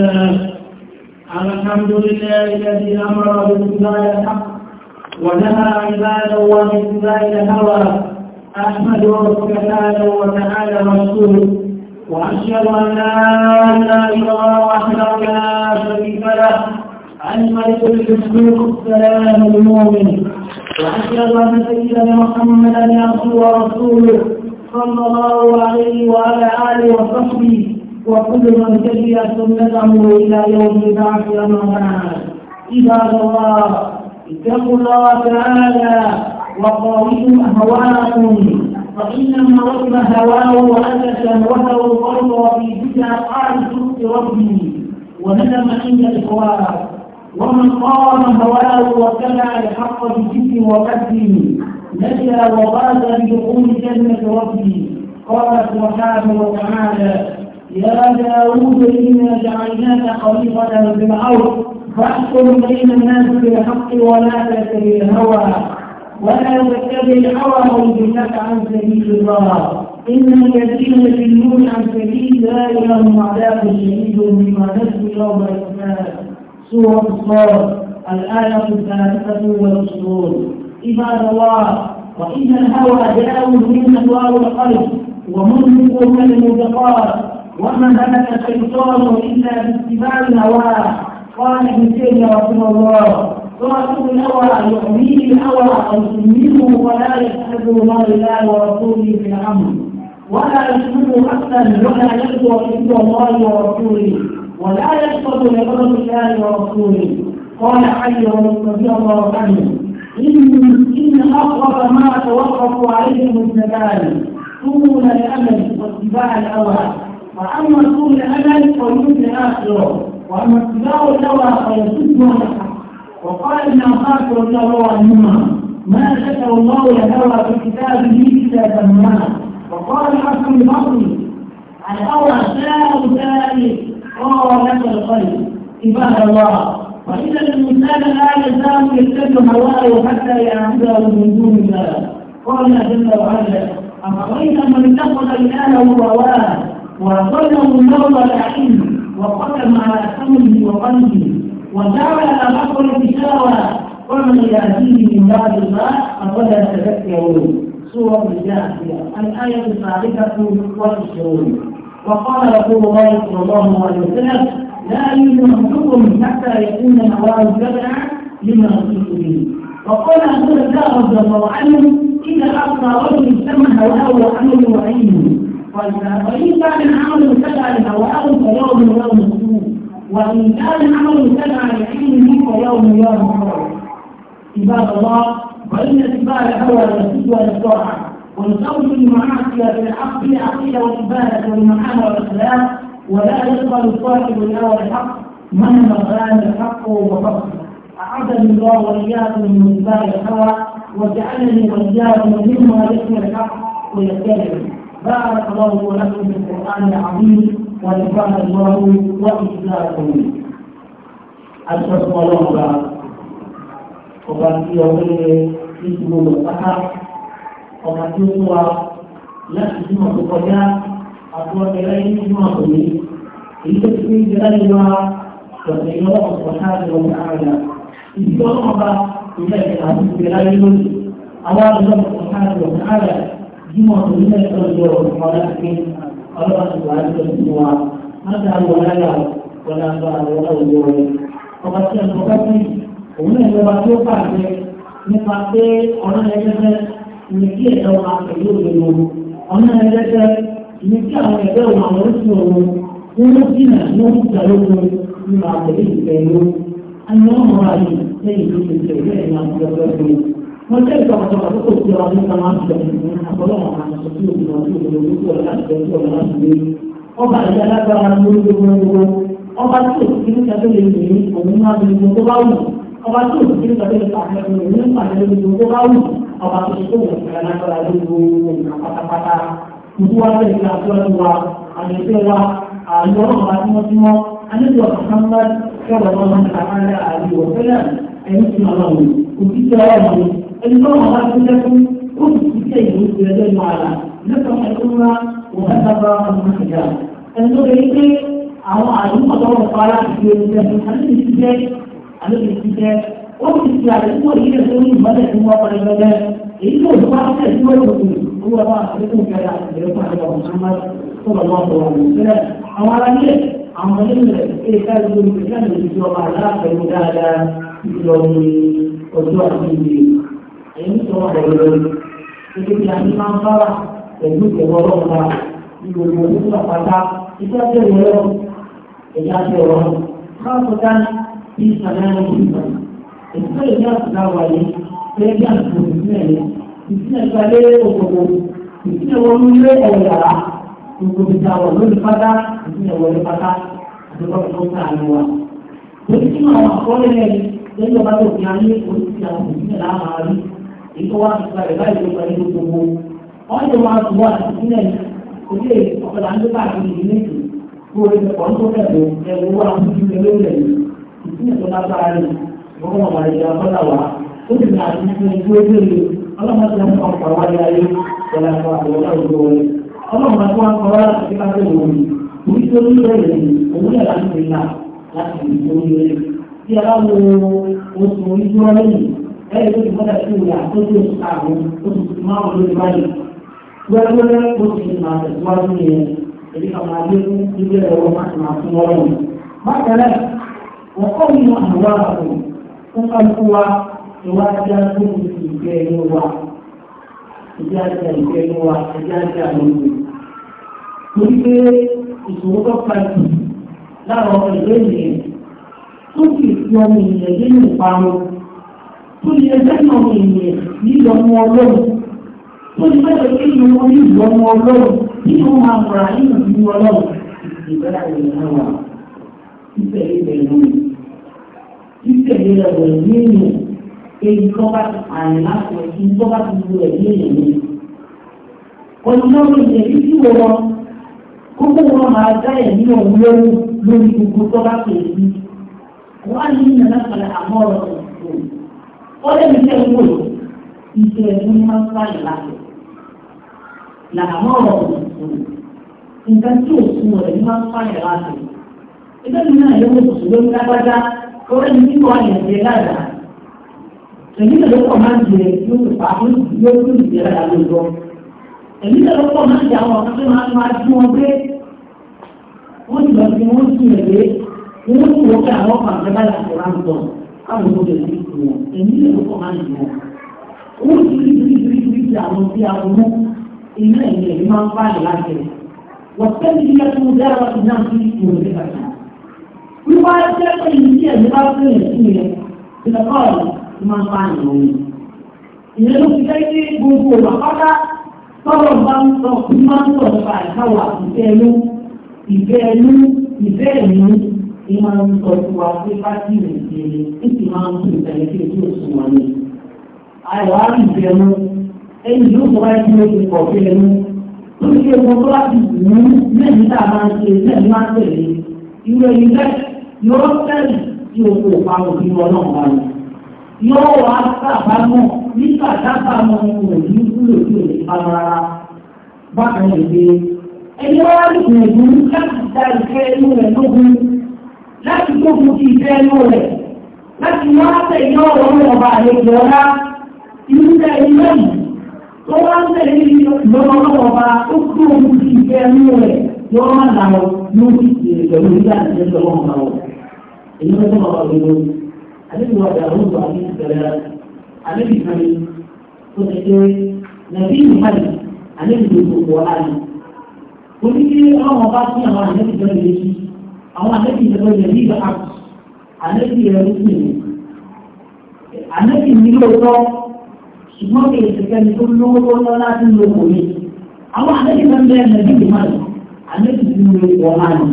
الحمد لله الذي امر باتباع الحق ونهى عباده عن اتباع الهوى ربك تعالى وتعالى رسوله واشهد ان لا اله الا الله وحده لا شريك له الملك المسلوق السلام المؤمن واشهد ان سيدنا محمدا عبده ورسوله صلى الله عليه وعلى اله وصحبه وكل من تبع سنته إلى يوم البعث وما مات عباد الله اتقوا الله تعالى وقاومكم أهواءكم فإنما رب هواه أسسا وهو الأرض وفي بدع قال شرك ربي وندم عند الحوار ومن قام هواه وكلا الحق بجد وقدم نجا وغاد بدخول جنة ربي قال سبحانه وتعالى يا داود إنا جعلناك خليفة في الأرض فاحكم بين الناس بالحق ولا تتبع الهوى ولا تتبع الهوى ويضلك عن سبيل الله إن الذين يضلون عن سبيل الله لهم عذاب شديد بما نسوا يوم الحساب سورة الصاد الآية الثالثة والعشرون عباد الله وإن الهوى جاء من أدوار القلب ومنفق من المتقاعد وما ملك الشيطان إلا باتباع الهوى قال ابن تيمية رحمه الله صاحب الهوى يؤذيه الهوى أو يسلمه ولا يشهد الله الله ورسوله في الأمر ولا يشهد حتى ولا يرضى حب الله ورسوله ولا يشهد لغضب الله ورسوله قال حي رضي الله عنه إن إن أقرب ما توقفوا عليه الاثنتان طول الأمل واتباع الهوى فأما طول الأمل فيبنى آخره وأما اتباع الهوى فيصد الحق وقال ابن عباس رضي الله عنهما ما شكر الله الهوى في كتابه إلا سماه وقال حسن البصري الهوى ساء ذلك قال لك الخير عباد الله وإذا الإنسان لا يزال يتبع هواه حتى يعبده من دون الله قال جل وعلا أفرأيت من اتخذ إلهه هواه وصدموا نوم العلم وقدم على حمله وقلبه وجعل الامر التشاوى ومن يأتيه من بعد الله فقد تذكرون سورة الجاهليه الآية الثالثة والعشرون وقال رسول الله صلى الله عليه وسلم لا احدكم حتى يكون نواه جمعا لما يصيب به وقال أبو الله رضي الله عنه إذا أعطى رجل سمح له وعمل وعينه وإن كان العمل تبع لهواه فيوم يوم السوء وإن كان العمل تبع لعلمه فيوم يوم الخير عباد الله وإن اتباع الهوى يسد للطاعة والقول المعاصي بالحق العقيدة والعبادة والمحامة والأخلاق ولا يقبل صاحب الهوى الحق مهما كان الحق وفقه أعاذني الله وإياكم من اتباع الهوى وجعلني وإياكم مما يسمى الحق ويتبعه بارك الله لكم في القرآن العظيم ونفعنا الله وإسلامكم أشهد الله بعد ọba tí ọwọ́ ilé ìdúró lọ sáká ọba tí ó wà láti jùmọ̀ tó kọjá àti ọ̀gẹ̀ láyé ní jùmọ̀ tó ní èyí tó ti ń jẹ́lá ní wa tọ̀sẹ̀ yọ ọ̀pọ̀ káàdì ọ̀gá àrà ìdí ọlọ́mọba ìlẹ̀ àti ìgbéláyé lónìí àwọn àdúgbò ọ̀pọ̀ káàdì ọ̀gá àrà jímọ̀ tó ní ẹ̀sọ́ ìjọ ọ̀rọ̀ pé ọlọ́run ti wà ní ọdún wa má ta wọ láyà ọ̀nà àgbà àwọn òwò rẹ̀ ọba tí ẹ̀sọ́ bá fi òun náà lọ́ba tó pàṣẹ nípa pé ọ̀nà ẹgbẹ́ ní kí ẹ̀sọ́ máa pẹ̀lú òdodo ọ̀nà ẹgbẹ́ ní kí àwọn ẹgbẹ́ òun àwọn orísun òun ní wọ́n jìnà ní wọ́n jà lókun ní máa pẹ̀lú ìfẹ́ ló. a ní wọ́n mọ̀ Mereka sama-sama itu berjalan sama dengan Allah anak sesuatu dengan itu dengan itu dengan itu Obat adalah barang bulu bulu Obat itu kita satu ini mengenal bulu bulu Obat itu kita satu ini pakai bulu pakai bulu bulu Obat itu karena kalau bulu kata-kata Buat dari kelakuan dua Ada sewa Ada obat semua Ada dua Muhammad Kalau Allah Taala Alaihi Wasallam Ini semua Ketika orang الله غفر لكم أبس السيد بيدي معنا نفح الأمة وهدف المحجاب النور يجري أو عدو الله تعالى في يوم الاحتجاج على الاحتجاج وفي الأمة هي تقول مدى المواطن المدى إنه هو أحسن هو الرسول هو راح يكون كذا يرفع محمد صلى الله عليه وسلم حوالي عملية إيكال الإنسان اللي يجوا على في المدى في يوم وجوع èyí tó wà lọ́wọ́ ibi tí a ní máa ń fara pẹ̀lú ìwọ ọlọ́run wa ìròyìn òní pàpàtà iṣẹ́ tó yẹ lọ ẹ̀yà tó rọ káàkó dání bí ìsàlẹ̀ ìgbà ètò ìdí àtúndà wáyé bẹ́ẹ̀ bí àtúndà ìsìnlẹ̀ yẹn ìsìnlẹ̀ gbalẹ̀ òkòkò ìsìnlẹ̀ wọnú ilé ọ̀yàrá gbogbo ìta wọ̀ lórí pátá ìsìnlẹ̀ wọlé pátá àdébọ̀ tó ń ta àná wa. lórí tí àwọn lẹ́yìn ọba tó fi ayé orí ti àwọn ìsìnlẹ̀ láàárín èyí wá nípa rẹ̀ láì lópa ní gbogbo wọn lè máa tún wá sílẹ̀ ilé ọ̀pọ̀lọpọ̀ àti káàkiri ìlú èkó kó o lè pọ̀ tó kẹ̀lú wa ń fi ẹlẹ́ rẹ̀ ìpínlẹ̀ tó lágbára rẹ̀ wọ́n mọ̀ wá ìyá ọ̀pọ̀lọpọ̀ wa ó sì máa ti fi ẹjọ́ ẹgbẹ́ rẹ̀ ọlọ́mọdé ń kọ́ ọ̀pọ̀ wáyé ayé ọ̀la kọ́ àbọ̀wọ́lá òjò rẹ̀ ọlọ́mọdé tó kọ́ wá láti káfẹ́ òun òun tó ń lọ rẹ̀ ẹ̀rẹ́ tó ti mọ́ta sí ìyá tó ti oṣù àwọn oṣù tó máa wọ̀ lórí báyìí wẹ́wẹ́ ó ti máa tẹ̀síwájú yẹn èyí kan máa gbé ilé ẹ̀rọ máa ti máa fún ọrọ̀ mi. bákan náà wọ́n kọ́ nínú àwọn àpò fún kálukú wa ìwà ajá tó ìgbẹ́ ẹni wa ìdí ajá ìgbẹ́ ẹni wa ìdí ajá lóko. torí pé ìṣòro tó ka jù láàárọ̀ ìgbẹ́ ènìyàn tó sì fi ọmọ ènìyàn dé ní ìparun tó ní ẹgbẹ́ náà ní ìyẹn ní ìyọmọ ọlọ́run tó ní bẹ́ẹ̀ pé ìyẹn ní ìyọmọ ọlọ́run tí wọ́n máa múra nínú ìlú ọlọ́run ìgbẹ́ra ìrìn náà wà èyí tó bá ti àrìn láti ẹ̀kí tó bá ti lu ẹ̀mí èèyàn ní. ọlọ́run ìyẹn tí wọ́n kókó wọn máa dá ẹ̀mí òun lórí gbogbo tó bá pè é ní. wọ́n á ní ìyẹn náà wọ́n lè fi ń wò iṣẹ́ ẹni máa ń fà ìlànà làmọ́ ọ̀rọ̀ òṣùṣù nǹkan tí òṣùwò rẹ̀ máa ń fà ìlànà ẹgbẹ́ mi náà yóò òṣùṣù ló ń lágbájá lórí ẹni tí wọ́n yẹn jẹ dáadáa èmi náà pọ̀ máa ń jẹ yóò tó pa yóò tó jẹ dáadáa lóòótọ́ èmi náà ló pọ̀ máa ń jẹ àwọn ọ̀kan tó máa ń máa jí wọn pé wọ́n ti lọ sí wọ́n ti rẹ̀ pé wọ́n ti wọ́n kí àwọn ọkọ̀ àgbẹ̀ bá yà káwọn ọmọdé ní ìlú wọn èmi lè lọ́kọ̀ máa ń lò owó tí kìí kìí kìí kìí ti àwọn tí a mú iná ẹ̀mí ẹ̀mí máa ń bá yẹn láti rẹ̀ wọ́n tẹ́lẹ̀ ní ẹ̀kú dára ti ní máa ń sọ fún wa pé pátì rẹ̀ kéré tí sì máa ń tún ìtàlẹ́ kí ojú òsùn wọn ni. àìwá rí ìfẹ́nu ẹni yóò sọ wáyé tí ó ti pọ̀ fẹ́nu tó ń ṣe gbogbo láti wù ú mẹ́rin tá a máa ń ṣe mẹ́rin máa ń tẹ̀lé irú ẹni yóò tẹ̀lé tí o kò pa òfin ọlọ́run wa ni. yóò wá sábàámọ̀ nígbà dábàámọ̀ òní ní pa rárá bákan láti gbógun ti ìfẹ́ ẹnu rẹ̀ láti wá tẹ̀lé ọ̀rọ̀ ọba àlejò ọ̀la ìrúdà ilé yìí tó wá ń tẹ̀lé lọ́wọ́ ọba tó gbógun ti ìfẹ́ ẹnu rẹ̀ yọ ọ́ máa lọ lórí ìrẹ̀lẹ̀ onígbà àti ẹ̀sọ́ wọn bá wọn. èyí ló tún ọ̀rọ̀ lórí àdébìwọ̀ àdàrú ìwà ní ìbẹ̀rẹ̀ àdébìkan tó ti dé nàbí ìmọ̀lẹ̀ àdébìkan tó wọ àlè. oníkiri ọmọ bá tún àwọn àdébìkan àwọn àlẹ́bí ìjọba yẹn ní ìgbà àpò àlẹ́bí rẹ̀ ló pè é àlẹ́bí mi ló tọ́ ṣùgbọ́n kì í ṣe kẹ́ni tó lówó tó lọ láti lo kò ní àwọn àlẹ́bí kan bẹ́ẹ̀ nàbí ìgbà àpò àlẹ́bí ti lo ìwọ̀ máa nì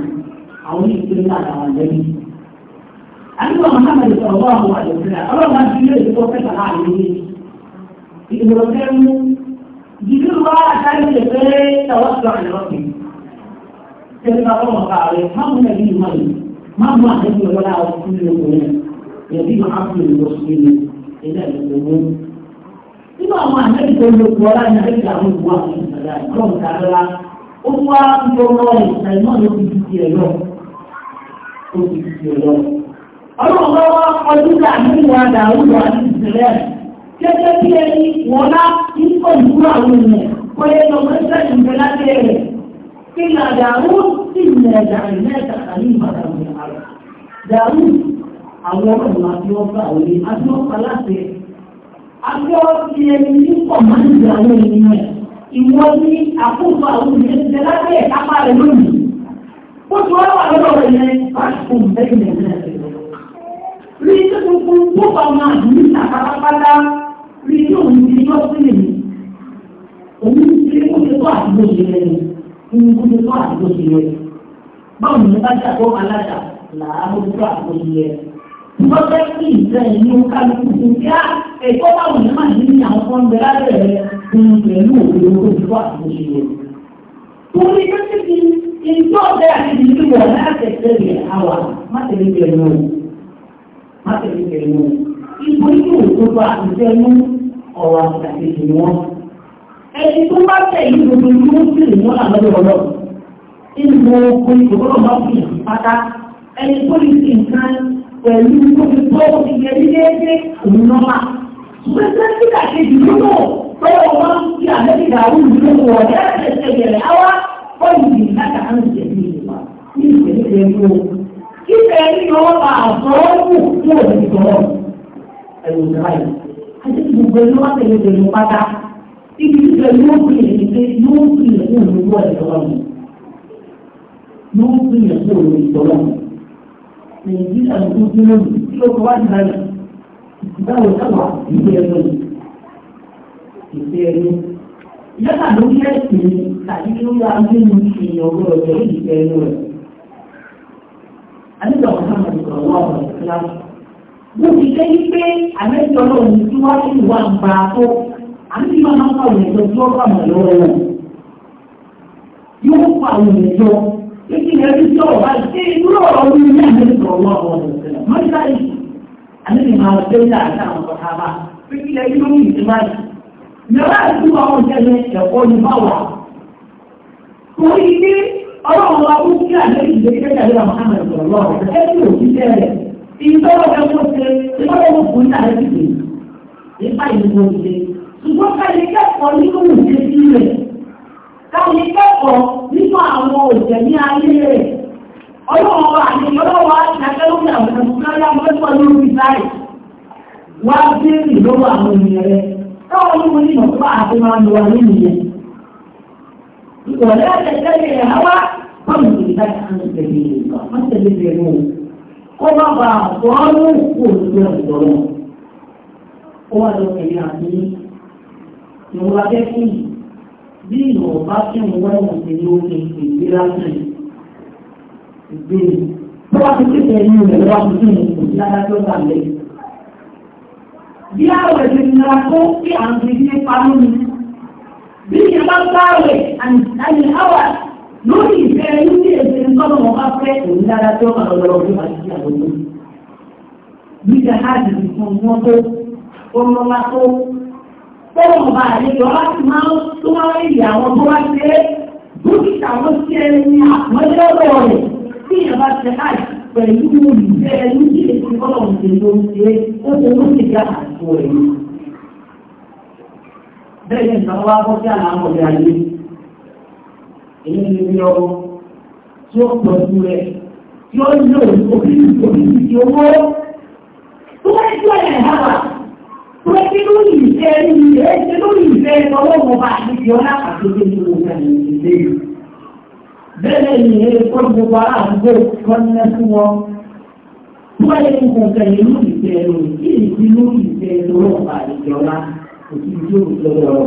àwọn ìgbésẹ̀ láti àwọn àlẹ́bí. àdúgbò Muhammad sọ̀rọ̀ àwọn àlẹ́bí ọlọ́run àti ilé ìfọ́ fẹ́ta láàrin sai ka koma kare hamu na biyu mai mamu a kan yi wala a wasu ne ko ne ya bi ma hamu ne wasu ne ina da kogo nínú àwọn àmẹ́rì tó lo kú ọlá ní àríkà àwọn ìwà ìṣẹ̀dá ìkọ́n kárẹ́lá ó wá gbọ́rọ̀ ìṣẹ̀dá iná ló fi ti tiẹ̀ lọ ó fi ti tiẹ̀ lọ. ọlọ́run bá àti ìṣẹ̀lẹ̀ إلا داود إنا جعلناك خليفة في الأرض داود àwọn ọ̀nà àti ọba òní àti ọba láti àti ọtí ẹni ní kọ̀mọ́ǹdì àwọn ènìyàn ẹ̀ ìwọ ní àkóso àwọn ènìyàn ti lábẹ́ ẹ̀kápá rẹ̀ lónìí ó ti wá wà lọ́dọ̀ rẹ̀ yẹn pàṣípùn bẹ́ẹ̀ ní ẹ̀rẹ́ rí tó tuntun tó bá máa ní àpátápátá rí tó ń di ọtí òun ti kó ti tó àdúgbò yẹn nínú gbogbo tó àdúgbò sí yẹ. Báwo ni bá jà tó alájà làá gbogbo tó àdúgbò sí yẹ. Wọ́n fẹ́ kí ìfẹ́ ìlú kálukú fún kí á ẹ̀kọ́ báwo ni máa ní àwọn kan bẹ lábẹ́ rẹ̀ nínú pẹ̀lú òwe owó tó àdúgbò sí yẹ. Torí pé títí ìjọ ọ̀dẹ́ àti ìdílé wọ̀ láti tẹ̀lé àwà má tẹ̀lé tẹ̀lé Má tẹ̀lé tẹ̀lé wọn ẹni tó bá tẹ̀ yí gbogbo ìlú ó sì rìn wọ́n àlọ́ ọ̀rọ̀ nínú gbogbo ìgbòkòrò máa fi hàn pátá ẹni tó lè fi nǹkan pẹ̀lú gbogbo tó ti yẹ ní déédé òun nọ́mà ṣùgbọ́n tí kàkejì lónà tọ́wọ́ wọn fi àlẹ́bí ìdàrú ìlú wọn yẹ́rẹ́ ẹ̀yẹ̀rẹ̀ áwá bọ́ọ̀lù yìí láti àwọn ìjẹ̀bí ìwà ní ìgbèríkẹ̀ ní ọwọ́ bá ibi títẹ̀ yóò gbìyànjú pé yóò gbìyànjú olùwọ́ ìjọba mi yóò gbìyànjú olùwọ́ ìjọba mi nàìjíríà ló tún gbé lónìí tí ó kọ́ wá ní náírà báwo sábà ìgbé ẹnu ìgbé ẹnu yálà ló yẹ ẹsìn tàbí ló yà nínú ìyàn ọgbọ́n ọjọ́ ìgbé ẹnu rẹ̀ àdúgbò àwọn sábà ti sọ̀rọ̀ wà wọ̀ ní kíláàsì. mo ti dé pé àmẹ́jọ́ náà ní tí wọ́n ti wà ń bá a tó àti máa ń pa ìjọ tí ó bá mọ̀ lọ́wọ́ wọn. Yóò pa ìjọ lókè ẹbí tí ọ̀rọ̀ bá ṣe irú ọ̀rọ̀ orí ní àmì sọ̀rọ̀ wọn àwọn ọ̀rọ̀ Mọ́tà ìṣù àmì ni máa ṣe ní àti àwọn ọ̀tá bá lókè ẹbí ló ní ìṣẹ̀lẹ̀ báyìí. Mẹ́wàá ìlú àwọn ìṣẹ̀lẹ̀ ẹ̀kọ́ ni bá Torí pé ọlọ́run wa kú kí àmì ìṣẹ̀lẹ̀ kẹ́kẹ́ Ìgbọ́dọ̀ ẹ̀kọ́ ṣe, ìgbọ́dọ̀ ẹ̀kọ́ ṣe, ìgbà ìlú ṣùgbọ́n káyé kẹ́kọ̀ọ́ nínú ìdíjí rẹ̀ káyé kẹ́kọ̀ọ́ nínú àwọn òjẹ̀mí ayé rẹ̀ ọlọ́wọ́ àti ọlọ́wọ́ aṣàkẹ́lógún àwọn ọ̀dọ́mọ́lá mọ́tò lórí báyìí wá rẹ̀ táwọn olówó nínú ọ̀pá àti máa lọ wà nínú yẹn. ìwọ̀lẹ́ àtẹ̀tẹ̀lẹ̀ àwa bọ́ọ̀lù ìdájọ́ àwọn ìgbẹ̀lẹ̀ kó má bàa ó wà lọ́kẹ̀ẹ́ àti ìwọ̀n abẹ́ kí yìí bí ìwọ̀n bá kí wọ́n wẹ́wọ̀n sí ní oúnjẹ ìgbé lásán ìgbé ni tó bá ti kéde ẹni rẹ̀ lọ́wọ́ tó kí ni kò sí adájọ́ gbà lẹ́yìn. bí àwẹ̀ ti nira tó kí à ń fi ní pamọ́ ni bí ìyẹn bá bá àwẹ̀ àyè àwà lórí ìfẹ́ ẹni tí èsì ń tọ́nà wọn bá fẹ́ kò ní adájọ́ gbà lọ́wọ́ tó bá ti kí àwọn ọmọ tọ́wọ́ ọba àlejò ọba ti máa ń tó wá lẹ́yìn àwọn tó wá ṣe é dókítà wọn sí ẹni àpọ́nlẹ́rọ̀ rẹ̀ tí ìjọba ṣe láì pẹ̀lú ìṣe ẹni tí èsì kọ́lọ̀ ń ṣe ló ń ṣe é ó ṣe ló ṣe já àtúntò rẹ̀ bẹ́ẹ̀ ni ìjọba wa bọ́ sí àlàáfọ̀ ọ̀dẹ ayé èyí ni ilé ọkọ tí ó pọ̀ sí rẹ̀ tí ó lò òbí òbí ti owó ṣe lórí ìfẹ́ ní ẹ ṣe lórí ìfẹ́ ọlọ́wọ́ bá àti ọlá àtúntò ní ìdílé yìí. Bẹ́ẹ̀ ni ẹ kọ́ gbogbo aláàbò kọ́nẹ́ fún wọn. Wọ́n yẹ kó kẹ́ ẹ lórí ìfẹ́ lórí kí ni ti lórí ìfẹ́ ọlọ́wọ́ bá àti ọlá òkú ìjọ ìjọba rọ.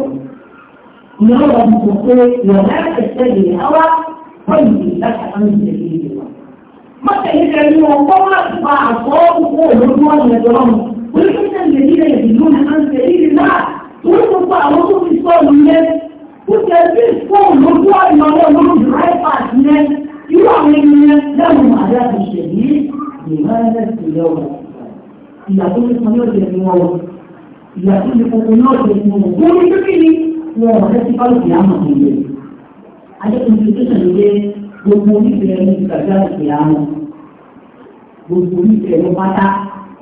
Ìyàwó wa ti sọ pé ìyàwó ẹ̀ṣẹ̀ lè háwá pẹ̀lú ìdáka àmì Mọ̀tẹ̀ yìí kẹ́rin الذين يدلون عن سبيل الله torí gbogbo àwọn tó fi sọ ọ̀nà yẹn kó tẹ sí fóònù lójú ọ̀nà ọ̀nà lórí ráìpàd yẹn irú àwọn ènìyàn lẹ́nu àdá ti ṣe yìí ìwà ẹ̀rẹ́ sì lọ́wọ́ ìyà tó ti kan yóò jẹ ní wọn ìyà tó ti kan yóò jẹ ní wọn wọn ní kíkì ni wọn ọ̀rẹ́ ti bá lòdì àmọ̀ nílé adékun ti tó sàn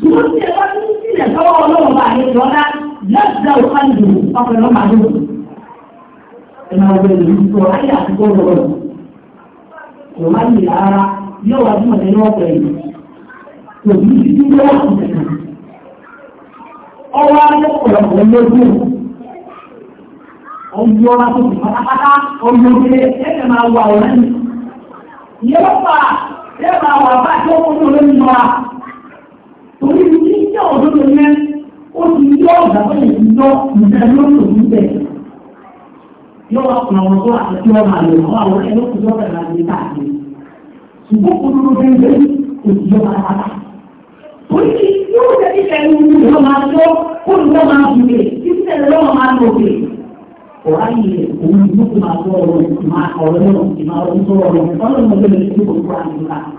Dúró tó fi pátápátá ọjọ́ ilé ẹ̀fẹ̀ máa wà wà bá tó kún lórí wa lóṣù yẹn ó ti yọ ọ̀gá bẹ́ẹ̀ yọ nǹkan lóṣù níbẹ̀. yóò wá kùnà wọn tó àti tí wọ́n máa lò wọ́n àwọn ẹni kò tó bẹ̀rẹ̀ láti ta àti. ṣùgbọ́n kò tó bẹ́ẹ̀ bẹ́ẹ̀ kò ti yọ pátápátá. torí yóò jẹ́ kí ẹni ìlú máa yọ kó ní wọ́n máa fi lè kí sẹ́ni lọ́wọ́ máa lò lè. ọ̀rá yìí òun ìlú kò máa tọ́ ọ̀rọ̀ ìmọ̀ ọ̀rọ̀ náà ìmọ̀ ọ̀rọ̀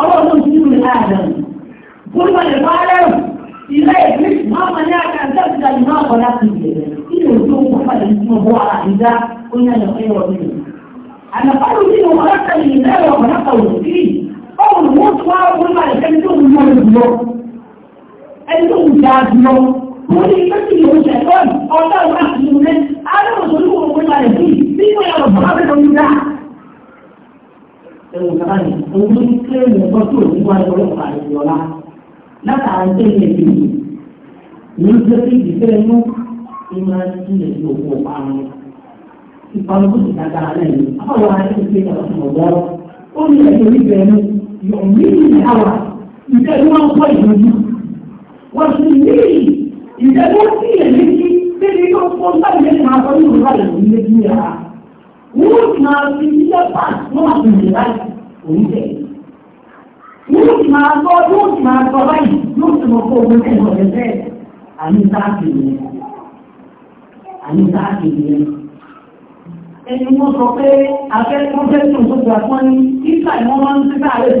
ọlọ́run ti ní ààrùn gbogbo ẹ̀fọ́ alẹ́rù ilé ìgbé máa ma ní àkà ní ọ̀sẹ̀ ìdájú náà kọ́ láti ìgbèrè kí ni òjò ń kópa lè fún ọgbọ́ ara ìdá oní àyànfẹ́ ọ̀rọ̀ mi. àlàfáàlù nínú ọ̀rọ̀ sẹ́yìn ní ẹ̀rọ ọ̀rọ̀ kàwé sí ọ̀rọ̀ wọ́n tó wá wọ́n máa lè fẹ́ni tó ń mọ ìdúró ẹni tó ń ja dúró mo ní ìgbé tí yóò ṣe ọ̀rọ̀ ọ̀rọ̀ láti ìlú rẹ̀ alẹ́ òṣèlú òun máa lè fi bí ẹ̀wọ̀n kàkà ní òun ní kílẹ̀mù tó ní wáyé ọlọ́pàá àti ọ̀la látàrí tẹ́lẹ̀ ìlú ní ọjọ́ tí ìdílé inú ìmọ̀ sí èyí òkú ọ̀parun ìparun kò sì dáadáa lẹ́yìn àwọn ará ti ṣe ọ̀sán ọ̀gbọ́ ó ní ẹ̀jẹ̀ oníbẹ̀ ẹnu yọ̀mí ìyáwá ìjẹ́ ni wọ́n kọ́ ìdójú wọ́n sì ní ìjẹ́ wọ́n sí ẹ̀mí sí tẹ́lẹ̀ tó fọ́ wọ́n ti máa fi ilé pàṣẹ náà bèrè láì òun tẹ̀. wọ́n ti máa gbọ́ wọ́n ti máa gbọ́ báyìí yóò ti mọ̀ fún ogun tẹ̀ wọ́n lẹ́sẹ̀ àní sáàkì yẹn. àní sáàkì yẹn. ẹni wọ́n sọ pé akẹ́kọ̀ọ́ fẹ́ tó tó gbà fún ẹni kíkà ni wọ́n máa ń tẹ́ káàárẹ̀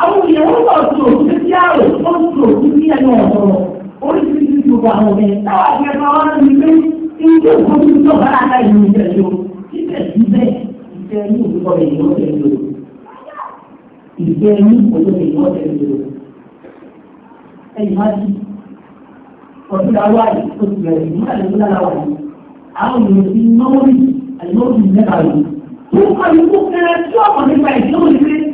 àwọn èèyàn wọ́n bọ̀ tó ní sí àrò tó ń tó ní sí ẹnu ọ̀rọ̀ oríṣiríṣi gbogbo àwọn obìnrin táwa jẹ fún wa ní pé ilé ìfowópamọ́ tó bá láta ìlú ìjẹ yó síbẹ̀ síbẹ̀ ìfẹ́ ní òkúkọ èèyàn ọ̀tẹ̀ lò ìfẹ́ ní òkúkọ èèyàn ọ̀tẹ̀ lò ẹ̀yìn wá sí ọdún tó ti bẹ̀rẹ̀ ìmúlẹ̀ lára wà yìí àwọn èèyàn ti náwó yìí àyẹ̀wò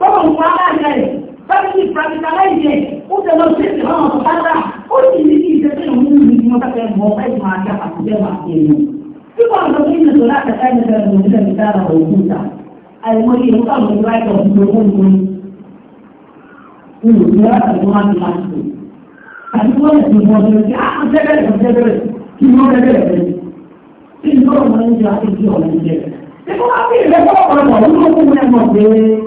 tọ́lọ̀ ń pa láàrin rẹ̀ bẹ́ẹ̀ ó tẹ̀ sí ìsìn náà ó sì ní kí ìṣe tí ní ìṣe tí wọ́n lọ sí àti wọ́n lè tún wọ́n lórí àwọn jẹ́gẹ́rẹ́ kan jẹ́gẹ́rẹ́ kí wọ́n jẹ́gẹ́rẹ́ rẹ̀ kí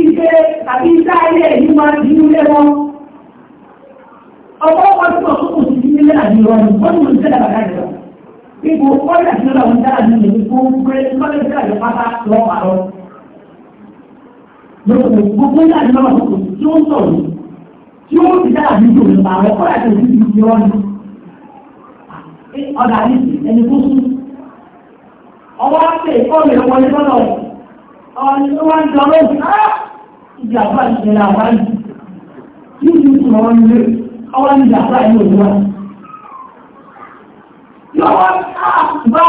iṣẹ́ àbí iṣẹ́ ayé ẹ̀yí máa ń bínú lé wọn. ọwọ́ wọn tí wọ́n kókò sí nílé àbí ìrọ̀lù wọ́n mú ìṣẹ́ bàbá rẹ̀ lọ. ipò kọ́lé àti lọ́la wọn dára ní ìlú fún pé kọ́lé ìṣẹ́ àjọ pátá lọ́ wà lọ. lókòkò gbogbo ní àjọ lọ́wọ́ kókò tí ó ń sọ̀rọ̀ tí ó ti dára ní ìjòyè pààrọ̀ kọ́lé àti òbí ti yọ ọ́nù. ọ̀dà ní ẹni tó sún. ọwọ́ á pè é kọ́ọ̀lù ẹ̀wọ̀n ibi àbá ìṣẹ̀lẹ̀ àbá yìí yìí ti sùn ilé ọwọ́ ní ìjàmbá yìí ò wá. Yọ̀wọ́ àgbà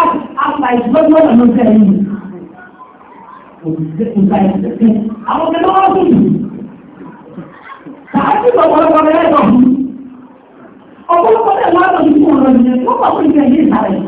àgbà ọ̀nà ló tẹ̀lé yìí. àwọn ọmọdé wọn kù yìí. Tààtì ọ̀pọ̀lọpọ̀ rẹ̀ lọ. Ọ̀pọ̀lọpọ̀ rẹ̀ wá lọ sí fún ọ̀rọ̀ ìṣẹ̀lẹ̀ tó pàpọ̀ ìṣẹ̀lẹ̀ ìṣàlẹ̀ ìṣ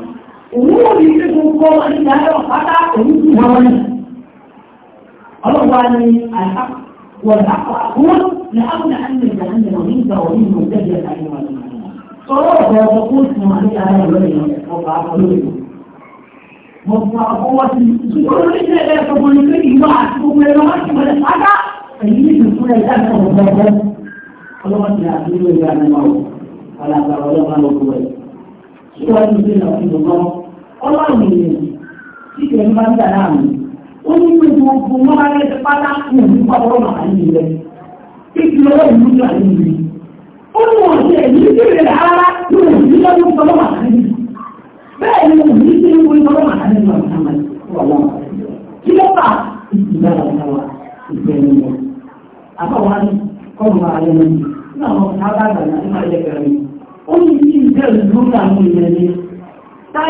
òun ti wọ́n ìgbà òun ìwọ̀n tẹ̀lé ọlọ́run. mo fún akọ́wọ́ ní pé ìwọ àti ọlọ́run èèyàn tí kìí ń bá ń dára àmì ó ní pé gbogbo wọn bá rẹ pátá kù nípa ọ̀rọ̀ màá ní rẹ kí kí lọ́wọ́ ìlú ní àlè mi ó ní wọn ṣe èyí tí rẹ rárá ní òun ní lọ́dún ọlọ́ màá ní bẹ́ẹ̀ ni òun ní sínú orí ọlọ́ màá ní lọ́dún ọlọ́ màá ní kí ló bá ìgbà ìgbà ìgbà ìgbà àbáwá ní kọ́ọ̀mù ààrẹ mi ní àwọn ọ̀sán bá gbà ní àyẹ̀kẹ̀rẹ̀ ó ní kí ìgbà ìlú náà mú ìrẹ̀lẹ̀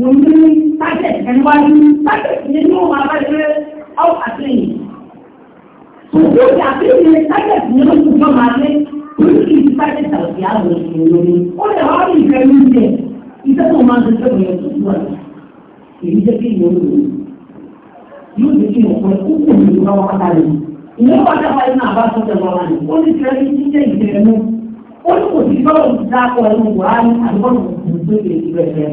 mo ní tájẹ̀ ẹ̀wájú tájẹ̀ ní ní òun abájẹ́ ọ́ àtẹ̀yìn. Òkú ti àtẹ̀yìn tájẹ̀ ní oṣù tó máa lé lórí kì í tájẹ̀ tàbí àwọn ènìyàn lórí. Ó lè wá ní ìfẹ́ ní ìjẹ iṣẹ́ tó máa ń ṣe tó yẹ tó wà. Èyí jẹ́ kí ìyẹn lòó. Yóò jẹ́ kí ìwọ̀n pẹ́ kúkú ní ìlú báwa pátá rẹ̀. Ìyẹn pátá wáyé náà bá tó tẹ̀wọ́ wa ní. Ó ní ìfẹ́ ní jíjẹ́ ìfẹ́ mú. Ó ní kò sí bọ́ọ̀lù dákọ̀ ẹnu Buhari àbúrò kò tó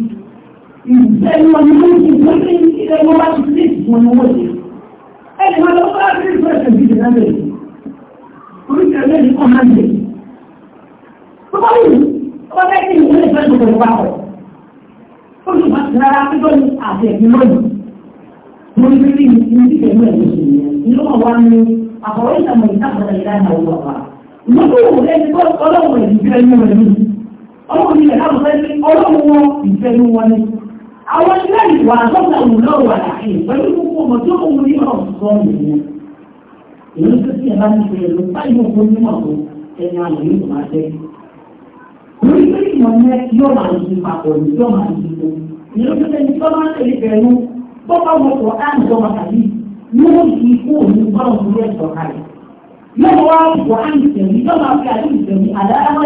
ìgbẹ́ni ọdún méjì tó ní ilẹ̀ wọn bá ti sí ìwọ̀n ni wọ́n ti ẹni wọn lọ bá rí ìfẹ́sẹ̀ bí i lẹ́lẹ̀ oríṣiríṣi ẹni ẹni tó ọlọ́wọ̀ ọlọ́wọ̀ mi ẹni wọn ni àwọn ilé ìwà àtọ́ta òwúlọ́ wà láàyè pẹ̀lú gbogbo ọmọ tó kún ní ọ̀rọ̀ sọ nìyẹn èyí tó sì ẹ̀bá ní ṣe ló báyìí mo kún nímọ̀ tó ẹni àwọn yóò máa jẹ́ lórí pé ìmọ̀ yẹn yóò máa ń di papọ̀ ní yóò máa ń di tó ìlú tó tẹ́ni tó máa tẹ̀lé bẹ̀rù bọ́pá wọn kọ̀ áàmì tó máa tàbí yóò fi kó òní báwọn tó yẹ sọ fi àdéhùn tẹ̀lé àdáyáwá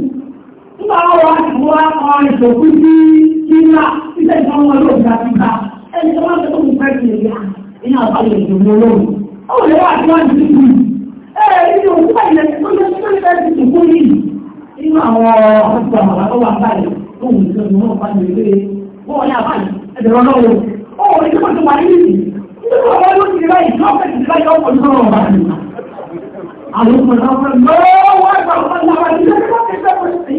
nígbà wọn wá sí àwọn ìṣòkú sí kíńlá títẹ̀ ìgbà wọn ló gbà síta ẹni tó wá sí tó kù fẹ́ẹ́ kiri yá iná àbáyọ ìṣòwò olóòrùn ó lè wá sí wọn sí kù ẹ ẹni òkú àyẹ̀ tó yẹ kí wọ́n fẹ́ẹ́ ti kú yìí nínú àwọn ọ̀pọ̀ àwọn àwọn àbáyọ tó wù sí ọdún wọn fàáyọ ìwé wọn ní àbáyọ ẹ̀dẹ̀ wọn lọ́wọ́ ó wọ ìdíkọ̀ tó wà nínú ìdí nígbà wọn ló ti ráyè tó fẹ́ẹ́ ti ráyè ọkọ̀ ní ọ̀rọ̀ ọ̀bà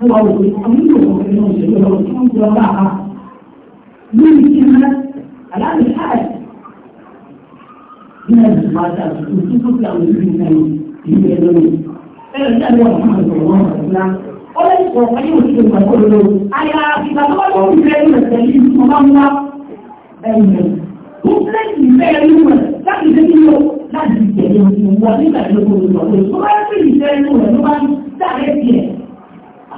我我我没有我没有学过，我听不到啊。你现在俺俩厉害，那是嘛的？你是不是要你听的？你别的，哎，那我看的我怎么样？后来我朋友就跟我说：“哎呀，你看他妈都是这样的，你怎么办呢？”哎呀，不是你这样的，那你这就那你姐姐，我那个时候我我说，说你这样的，他妈大概姐。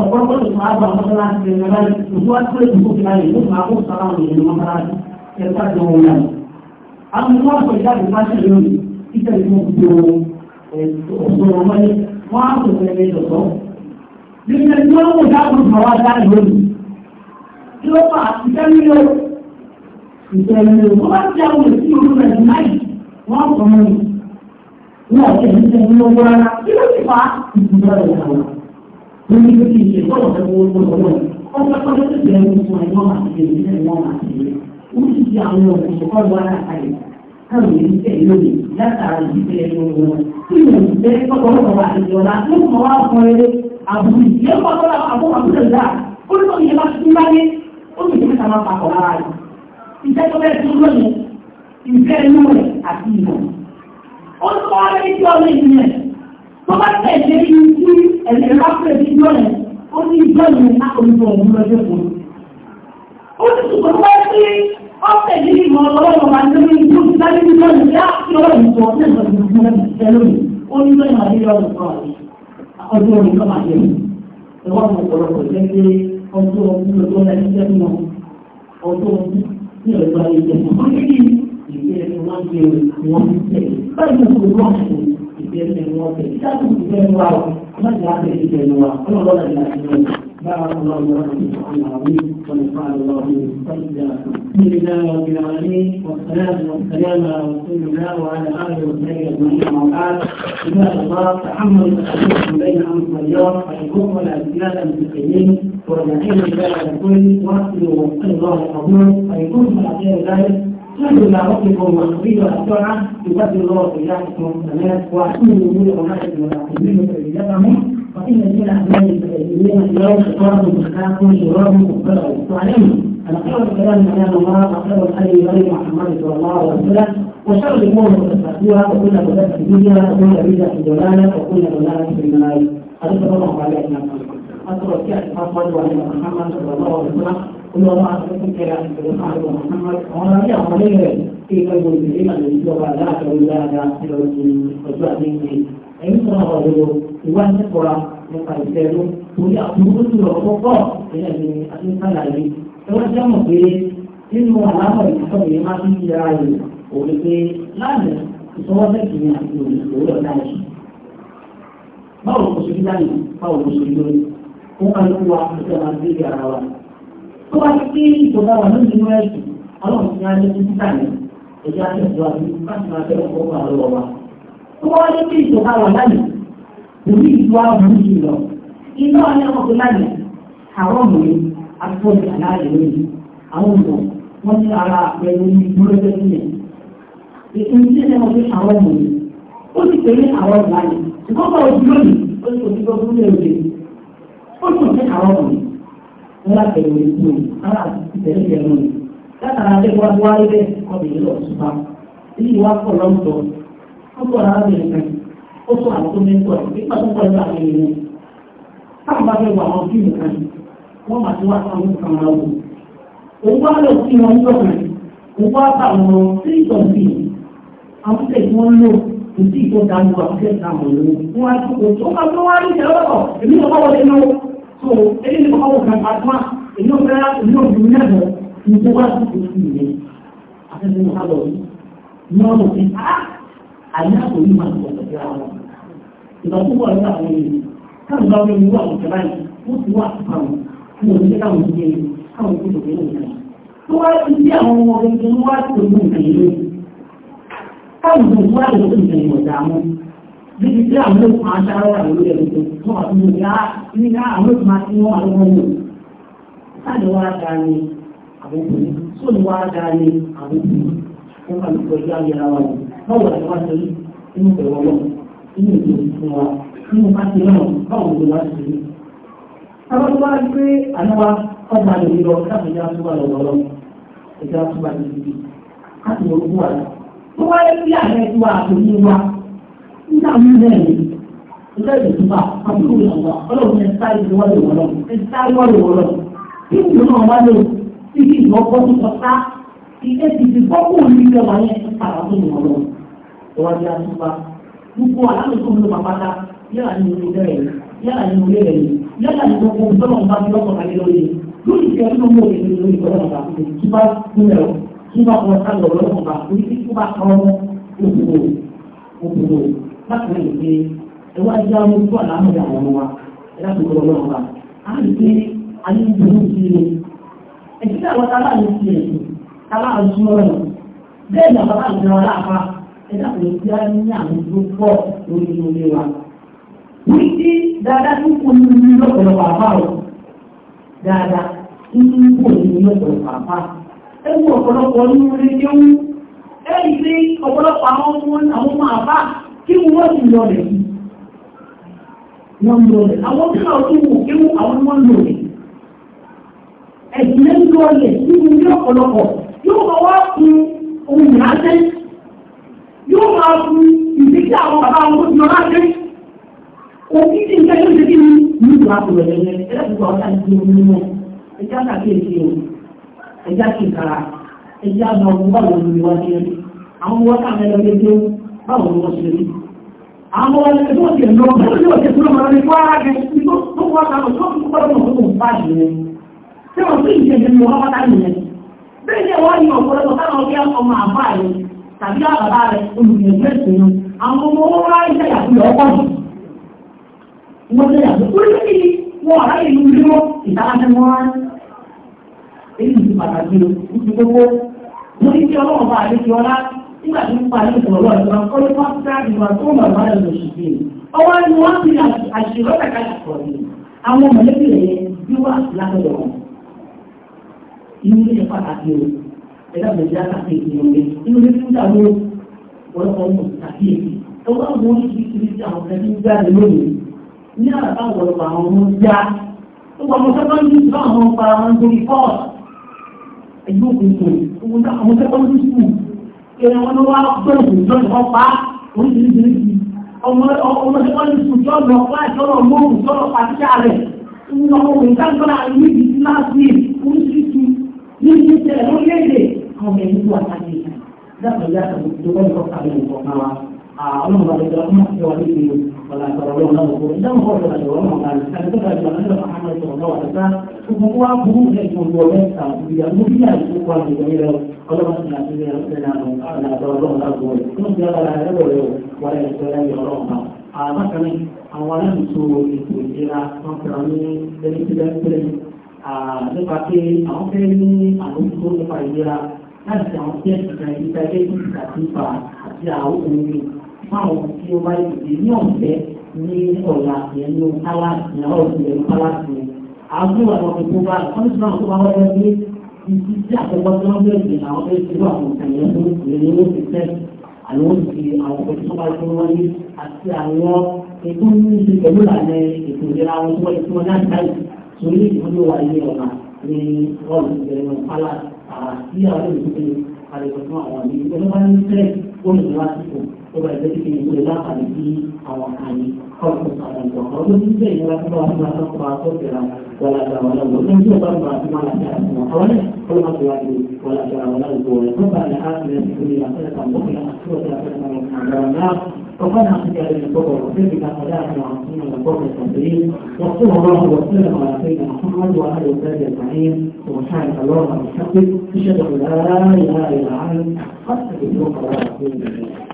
ọ̀pọ̀lọpọ̀ tó máa bá ọmọdé láti ṣe ẹ̀rọ láti ṣùgbọ́n wá tó èdè kókè láyé ló máa kó sára àwọn ènìyàn wọn láti ẹ̀ka jọ wọn yà. àwọn tó wà pọ̀ ìjáde bá ṣe lórí títẹ̀ ìmọ̀ gbogbo ọ̀sọ̀ ọmọdé wọn á tó fẹ́ lẹ́yìn ọ̀sọ́. nígbà tí wọ́n mú ìdáàbò bá wá dá lórí kí ló fà ìfẹ́ nílò ìfẹ́ nílò wọ́n bá ti àwọn èsì olú rẹ̀ láì wọ́n kọ́ mọ́ wọn ọ̀sẹ̀ ìfẹ́ nílò wọn rárá kí ló ti fà ìfúnná rẹ̀ náà wọ́n ní lórí ilé bọ́ọ̀lù tó wọ́n wọ́n wọ́n ti bẹ̀rẹ̀ wọn fún ẹ̀wọ̀n àti ìdílé ẹ̀wọ̀n àti ìdílé wọ́n ti di àwọn òṣìṣẹ́ kọ́ lọ́wọ́ àtàlẹ̀ káwọn èyí tẹ̀ lónìí látara ìdílé ẹ̀wọ̀n wọn tí wọ́n ti bẹ́ẹ̀ kọ́kọ́ lọ́wọ́ wà ní ọ̀la ló mọ̀ wá fún àbúrò ìdílé kọ́kọ́ àbúrò àbúrò ìdá tó bá tẹ̀lé ní sí ẹ̀lẹ́ ráfẹ́ sí lọ́rẹ̀ ó ní ìjọ́nù akọ̀lùkọ̀ ọ̀hún lọ́jọ́ kan. ó ti sùkọ́ wá sí ọ̀sẹ̀ ní ìmọ̀ ọlọ́wọ́ wa lórí ìlú ìdájọ́ ní lọ́rẹ̀ tí a fi ọ̀rọ̀ ìtọ́ ọ̀sẹ̀ lọ́rẹ̀ ìtọ́ lónìí ó ní lọ́rẹ̀ àdé lọ́rẹ̀ kọ́ ọdún orin kọ́ máa yẹ̀wò ẹ̀wọ́n àwọn ọ̀pọ̀lọpọ̀ jẹ́ pé ọdún ọdún lọ́dún ọdún ẹni jẹ́ mọ́ ọdún ọdún ní ọ̀dọ́ ayé jẹ́ mọ́ wọ́n ní ìgbé ẹni wọ́n ń gbé wọn ń tẹ̀lé báyìí ní ọdún ọdún ọ̀sẹ̀ ìjẹ́ الله لكم في العظيم ونفعل الله بسم الله رب العالمين والسلام والسلام على رسول الله وعلى اله وصحبه اجمعين وبعد عباد الله تحمل التكليف بين امس واليوم الحقوق والاعتدال المسلمين والجحيم الباب الكل واصلوا وفق الله الحضور فيكون بعد ذلك كل ما ربكم واخرجوا السرعه يبدل الله سيئاتكم الناس واحسنوا امور اولئك المتعقبين فاجابهم فإن الذين اعمال المتكلمين اليوم اقاموا مخاكم شرابهم وابتلعوا فاعلموا ان خير الكلام كلام الله وخير الحديث غير محمد صلى الله عليه وسلم وشر الامور متفقها وكل مدد في الدنيا وكل بدعه في ضلاله وكل ضلاله في المنازل. حدث الله عليه وسلم. أصل الكأس حصل وعلى محمد صلى الله عليه وسلم olùwàwà báwo kò ṣe rí lánàá báwo kò ṣe rí lórí ó máa ń wá ìṣẹ́ máa ń gbé ara wa tó bá ti pé ìjọba wà lórí inú ẹ̀sìn àwọn òṣìṣẹ́ ajé tó títà ní ẹ̀jẹ̀ àtẹ̀jọ́ àti láti máa tẹ́wọ̀n fún ọmọ àlọ́ wa. tó bá wá ní ìjọba wà lálẹ́ òní ìlú àwọn ìlú lọ iná wọn ní tó lálẹ́ àwọn ọmọ yìí àtúntò àláàlẹ́ lórí àwọn ọmọ wọn ní ara pẹ̀lú ìgbúrẹ́fẹ́ sílẹ̀ ètò ìṣẹ́ àwọn ọmọ yìí ó sì pé ní àwọn ọmọ alábẹ̀wò ìlú aláàtìtẹ̀lẹ́gbẹ̀rún ni látara adéwà wáyé bẹ́ẹ̀ ọbẹ̀ lọ ṣùpá èyí wá pọ̀ lọ́tọ̀ ó pọ̀ arábìnrin kan ó sọ àwọn tó mẹ́tọ̀ nípa tó pọ̀ ẹgbẹ́ àwọn ènìyàn táwọn bá fẹ́ wọ àwọn fíìmù kan wọ́n máa ti wá sáwọn kan máa wò òun wá lọ sí wọn nígbà kan òun wá bá wọn sí ìtọ̀ sí àwọn tẹ̀ wọ́n lò kò sí ìtọ́ dáńgbò àwọn tẹ̀ tí lò wọ́n á tó so èyí ni bàbá òkè àgbà èyí ò fẹ́ èyí ò fi mẹ́bọ̀ ní kó wá sí oṣù rẹ̀ afẹ́fẹ́ ní ọ̀hálọ̀ yìí ní ọ̀nà òfin á àyà kò ní máa tọ̀ sí ara wọn ìgbà tó wà nígbà wọn yìí káàmù bá wọn wà òkè báyìí ó ti wà àpamọ́ fún òní ní káwọn ìdíyẹ káwọn ìdíyẹ òkè òkè tó wá sí bí àwọn ọmọ ọmọ ọmọ wá sí ojú nǹkan yìí lóyún káwọn ìdíyẹ wá lọ sí nǹkan yìí ọ̀dà àwọn níbi tí àwọn olóòtú máa ṣáwọ́ àwọn olóòtú ẹ̀rọ tó fún mi yá ah, ní yá àwọn olóòtú máa ti wọ́n àwọn ọmọ yòó. Sáàdì wá da ni àwọn obìnrin, sóòlù wá da ni àwọn obìnrin. Wọ́n kà lóko ìyá yẹra wa yìí. Báwo la wá ṣe inú ìbẹ̀rù ọlọ́run, inú ìbẹ̀rù fún wa, inú pàṣẹ náà, báwo ló wá ṣe rí? Àwọn tó wá rí pé àná wa ọgbà lè lọ láti ìjà tó wà lọ, ìjà tó wà lè nígbà mú bẹ́ẹ̀ ni ìgbà ìdìbò àbúrò ìyàwó ọlọ́run ẹ̀ sáré wọlé wọlọ́ ẹ̀ sáré wọlé wọlọ́ kí ìlú náà wá lò sí kí ìlú ọkọ tó kọ sá ilé ti fi bọ́kù ní ìjọba yẹn padà tó wọ̀ lọ. ìwádìí àtúbà gbogbo àlálò tó ń lò pàpàtà yàrá ní orí bẹ́ẹ̀ yàrá ní orí rẹ̀ yàrá ní gbogbo ìtọ́nà bá ti lọ́kọ̀ọ́ ayé lórí lórí ìkẹ́ nínú mú òye lórí ìtọ́nà bá ti túbá kúnlẹ̀ o túbá kọ́ sálọ̀ lọ́kọ̀ọ́ bá orí kíkú bá kọ́ ọmọ òkùnkùn òkùnkùn láti rí pé ẹwà ìyá ọmọ tó àlámọ̀ ní àwọn ọmọ wa láti kọ́ ọlọ́run wa a rí pé ayé ń burú sí i ẹ̀sìn tí àwọn tábà ní ti ẹ̀sìn tábà ń súnmọ́ rẹ̀ bẹ́ẹ̀ ni àbábà ń jẹun aláàfà ẹ̀dá kò sí á ní àwọn tó pọ̀ lórí ilé wa. wí sí dáadáa tó kún ní lọ́pọ̀lọpọ̀ àbá o dáadáa tó kún ní lọ́pọ̀lọpọ̀ àbá ẹ̀wù ọ̀pọ̀lọpọ̀ ní orí ẹ̀wù ẹ̀yìn sí ọ̀pọ̀lọpọ̀ àwọn ọmọ àbá kí wọ́n ti lọ rẹ̀ yìí wọ́n lọ rẹ̀ àwọn tí wọ́n tún wù kí àwọn wọ́n lọ rẹ̀ ẹ̀sìn lẹ́nu lọ rẹ̀ nínú ilé ọ̀pọ̀lọpọ̀ yóò máa wá fún ohun ìrántẹ́ yóò máa fún ìdíje àwọn bàbá wọn tó ti lọ rántẹ́ òbí ti ń tẹ́ yóò ṣe kí ni nígbà tó rẹ̀ rẹ̀ ẹlẹ́kùnkùn ọ̀tá ti di omi mọ́ ẹjá kàkéèké o ẹjá kìkàrà ẹjá lọ wọ́n lọ lórí wájú àwọn wọ́n kà mẹ́lọ lé báwo àwọn ọmọdé tó ti ẹ̀lọ́ ọ̀pọ̀ tí wọ́n ti ẹ̀sùn ọmọdé tó ara rẹ̀ tó wọ́n ta lọ tó kọ́ lọ́nà tó kún bá jù rẹ̀ tí wọ́n tún ìṣẹ̀ ìṣẹ̀ wọn bá tánì rẹ̀ bẹ́ẹ̀ ni wọ́n ní ọ̀pọ̀lọpọ̀ táwọn ọkẹ́ ọmọ àbá rẹ̀ tàbí àbàbá rẹ̀ olùgbẹ̀gbẹ̀ ìṣẹ̀yàn àwọn ọmọ wọn wá iṣẹ́ ìyàkúlẹ̀ ọkọ̀ jù wọ́n ṣe yàtọ̀ orí kí wọ́n ará ìlú rímọ́ ìtàlájẹ́ wọn wá èyí ti pàtàkì lò ó ti gbogbo mo ní nígbà tí ń parí ìsọ̀rọ̀ ìgbà kọ́ ló wọ́n sá ìwà tó mọ̀ wá lọ sí i. ọwọ́ ni wọ́n fi àṣìrọ́ kàkà sọ̀rọ̀ yìí àwọn mọ̀lẹ́bí rẹ̀ yóò wà lábẹ́lẹ̀ wọn. inú ilé pàtàkì o ẹ̀dá bẹ̀rẹ̀ dá kàkà èyí ọ̀gbẹ́ inú ilé fún ìdàgbò ọ̀pọ̀lọpọ̀ mọ̀ kàkà èyí. ọwọ́ àwọn oníṣiríṣi ti àwọn kẹ́kẹ́ ń jáde lónìí ní àràbá ọ̀pọ̀lọpọ̀ àwọn ọmọ já gbogbo àwọn sẹ́kọ́ndì bá àwọn ọmọ pa àwọn nítorí pọ́ọ̀t ẹ̀yìn òkùnkùn gbogbo àwọn sẹ́kọ́ndì sùkùl kẹrẹ wọn wá gbẹ̀rù lọ́nà wọn pa oríṣiríṣiríṣi ọmọ ọmọdé wọn ní sùn tọ́lọ láì tọ́lọ mọ́rùn tọ́lọ pàtíkà rẹ̀ ọmọ ìdájọ́ra ìlú ìdí láti oríṣiríṣi ní ìṣẹ́ lórílẹ̀-èdè àwọn ọmọ ìlú àtàkì ìgbà dábàá yàtọ̀ ìjọba ìkọ̀ọ̀kan ìwọ̀n náà ọlọ́run àlejò ọmọ ìjọba níbi ولا ترون له إنما هو كما يرون قال كان كما يرون أن محمد صلى الله عليه وسلم فهو أبوه يكون هو ليس بيا مبيا يكون بجميل قال ما سمع بيا ربنا ولا ترون له كم جرى لا يرون ولا يرون يرونها مثلا أولا سوء ìtura wọn fẹ́ràn ní lẹ́yìnlẹ́yìnlẹ́ nípa pé àwọn fẹ́ ní àlòkù nípa ìlera láti àwọn tí ẹ̀sìn kan ìgbà ẹgbẹ́ ìgbà tí ń fa àti àwọn ohun mìíràn fáwọn tí ó bá yẹ ní ọ̀fẹ́ ní ọ̀la ìyẹnú pálásì ìyàwó ìyẹnú pálásì rẹ̀. àwọn àwọn ọmọ tó bá wọn tó bá wọlé ní ibi tí àkọ́kọ́ tí wọ́n bẹ̀rẹ̀ àwọn fẹ́ ti wà fún ìyẹn tó ìyẹn ló ti fẹ́ àwọn ti àwọn ọmọ tó bá tó wọlé àti àwọn ètò ní ti pẹ̀lú ìlànà ètò ìlera wọn tó wọlé tí wọ́n náà dáì sórí ìdúró wà ní ọ̀la ní ọ̀la ìyẹnú pálásì àti àwọn ètò tó bá ìgbésí kejì lè láǹfààní sí àwọn àní kọ́ọ̀tù àtàǹtọ̀ ọdún tí bẹ́ẹ̀ ìlera tó bá wà nígbà tó bá tó bẹ̀rẹ̀ wọlé àgbà wọlé àgbò tó ń tí ó bá bá àti máa láti àti wọn àwọn ẹ̀ kó má tó wájú wọlé àgbà wọlé àgbò rẹ̀ tó bá lè áàtì rẹ̀ tó lè àfẹ́ àgbókòlá àti ọ̀tẹ̀ àfẹ́ àgbàrá náà ربنا اعطيك على الكبر وفرجك خلاك وعصينا الكبر التنزيل واغفر الله وسلم على سيدنا محمد وعلى الاولاد اجمعين سبحانك اللهم وبحمدك اشهد ان لا اله الا انت استغفرك واتوب اليك